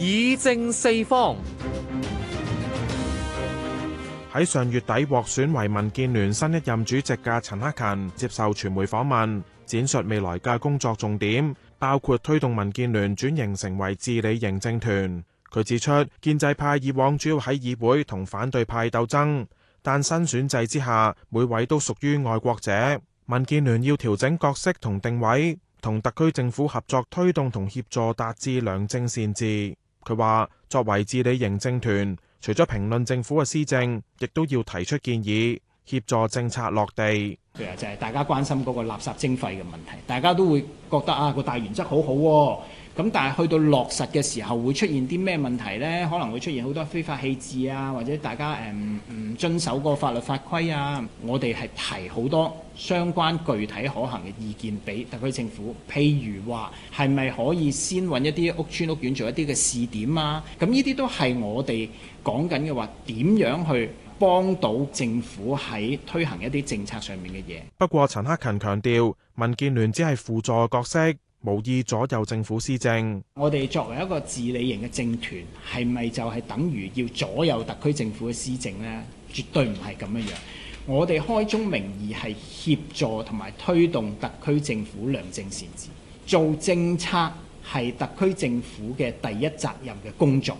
議政四方。喺上月底獲選為民建聯新一任主席嘅陳克勤接受傳媒訪問，展述未來嘅工作重點，包括推動民建聯轉型成為治理型政團。佢指出，建制派以往主要喺議會同反對派鬥爭，但新選制之下，每位都屬於愛國者，民建聯要調整角色同定位，同特區政府合作，推動同協助達至良政善治。佢話：作為治理型政團，除咗評論政府嘅施政，亦都要提出建議，協助政策落地。其實就係大家關心嗰個垃圾徵費嘅問題，大家都會覺得啊，個大原則好好、啊、喎。咁但係去到落實嘅時候，會出現啲咩問題咧？可能會出現好多非法棄置啊，或者大家誒唔、嗯嗯、遵守個法律法規啊。我哋係提好多相關具體可行嘅意見俾特區政府，譬如話，係咪可以先揾一啲屋邨屋苑做一啲嘅試點啊？咁呢啲都係我哋講緊嘅話，點樣去幫到政府喺推行一啲政策上面嘅嘢。不過陳克勤強調，民建聯只係輔助角色。無意左右政府施政。我哋作為一個治理型嘅政團，係咪就係等於要左右特區政府嘅施政呢？絕對唔係咁樣樣。我哋開宗明義係協助同埋推動特區政府良政善治。做政策係特區政府嘅第一責任嘅工作。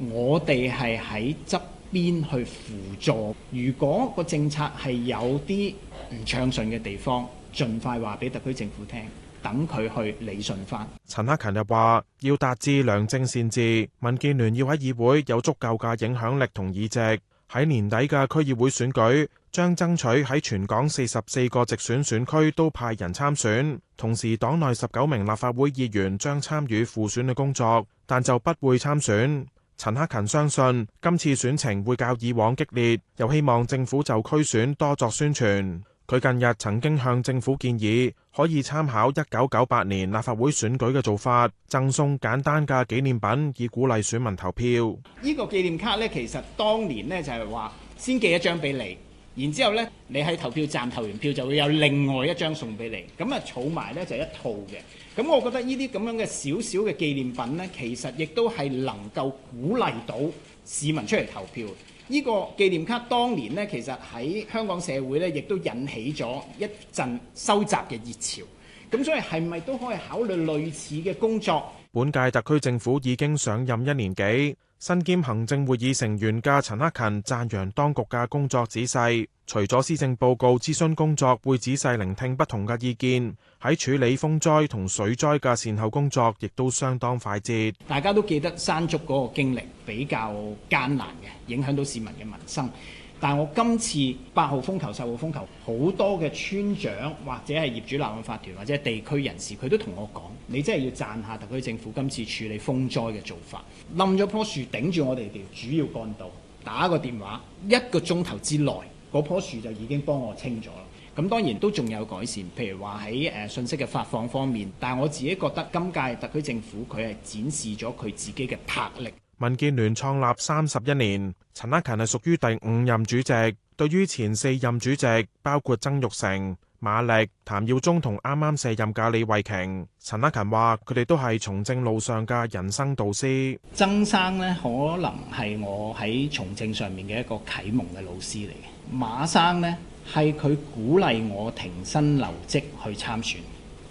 我哋係喺側邊去輔助。如果個政策係有啲唔暢順嘅地方，盡快話俾特區政府聽。等佢去理順翻。陳克勤又話要達至良政善治，民建聯要喺議會有足夠嘅影響力同議席。喺年底嘅區議會選舉將爭取喺全港四十四個直選選區都派人參選，同時黨內十九名立法會議員將參與輔選嘅工作，但就不會參選。陳克勤相信今次選情會較以往激烈，又希望政府就區選多作宣傳。佢近日曾經向政府建議，可以參考一九九八年立法會選舉嘅做法，贈送簡單嘅紀念品，以鼓勵選民投票。呢個紀念卡咧，其實當年咧就係話先寄一張俾你，然之後咧你喺投票站投完票就會有另外一張送俾你，咁啊儲埋咧就一套嘅。咁我覺得呢啲咁樣嘅小小嘅紀念品咧，其實亦都係能夠鼓勵到市民出嚟投票。呢個紀念卡當年呢，其實喺香港社會呢，亦都引起咗一陣收集嘅熱潮。咁所以係咪都可以考慮類似嘅工作？本屆特區政府已經上任一年幾，身兼行政會議成員嘅陳克勤讚揚當局嘅工作仔細。除咗施政報告諮詢工作，會仔細聆聽不同嘅意見。喺處理風災同水災嘅善後工作，亦都相當快捷。大家都記得山竹嗰個經歷比較艱難嘅，影響到市民嘅民生。但係我今次八號風球，十號風球，好多嘅村長或者係業主立案法團或者地區人士，佢都同我講，你真係要讚下特區政府今次處理風災嘅做法。冧咗棵樹頂住我哋條主要幹道，打個電話一個鐘頭之內。嗰棵樹就已經幫我清咗啦，咁當然都仲有改善，譬如話喺誒，信息嘅發放方面，但係我自己覺得今屆特區政府佢係展示咗佢自己嘅魄力。民建聯創立三十一年，陳克勤係屬於第五任主席，對於前四任主席，包括曾鈺成、馬力、譚耀宗同啱啱卸任嘅李慧瓊，陳克勤話：佢哋都係從政路上嘅人生導師。曾生呢，可能係我喺從政上面嘅一個啟蒙嘅老師嚟嘅。馬生呢，係佢鼓勵我停薪留職去參選。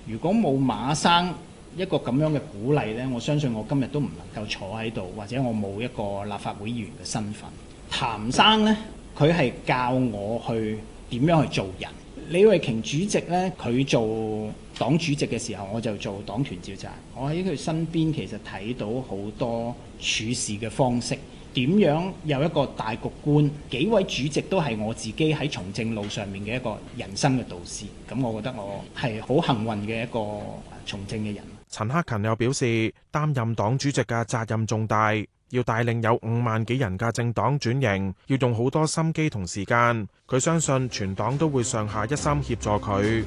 如果冇馬生一個咁樣嘅鼓勵呢，我相信我今日都唔能夠坐喺度，或者我冇一個立法會議員嘅身份。譚生呢，佢係教我去。點樣去做人？李慧瓊主席咧，佢做黨主席嘅時候，我就做黨團召集人。我喺佢身邊，其實睇到好多處事嘅方式，點樣有一個大局觀。幾位主席都係我自己喺從政路上面嘅一個人生嘅導師。咁我覺得我係好幸運嘅一個從政嘅人。陳克勤又表示，擔任黨主席嘅責任重大。要帶領有五萬幾人嘅政黨轉型，要用好多心機同時間。佢相信全黨都會上下一心協助佢。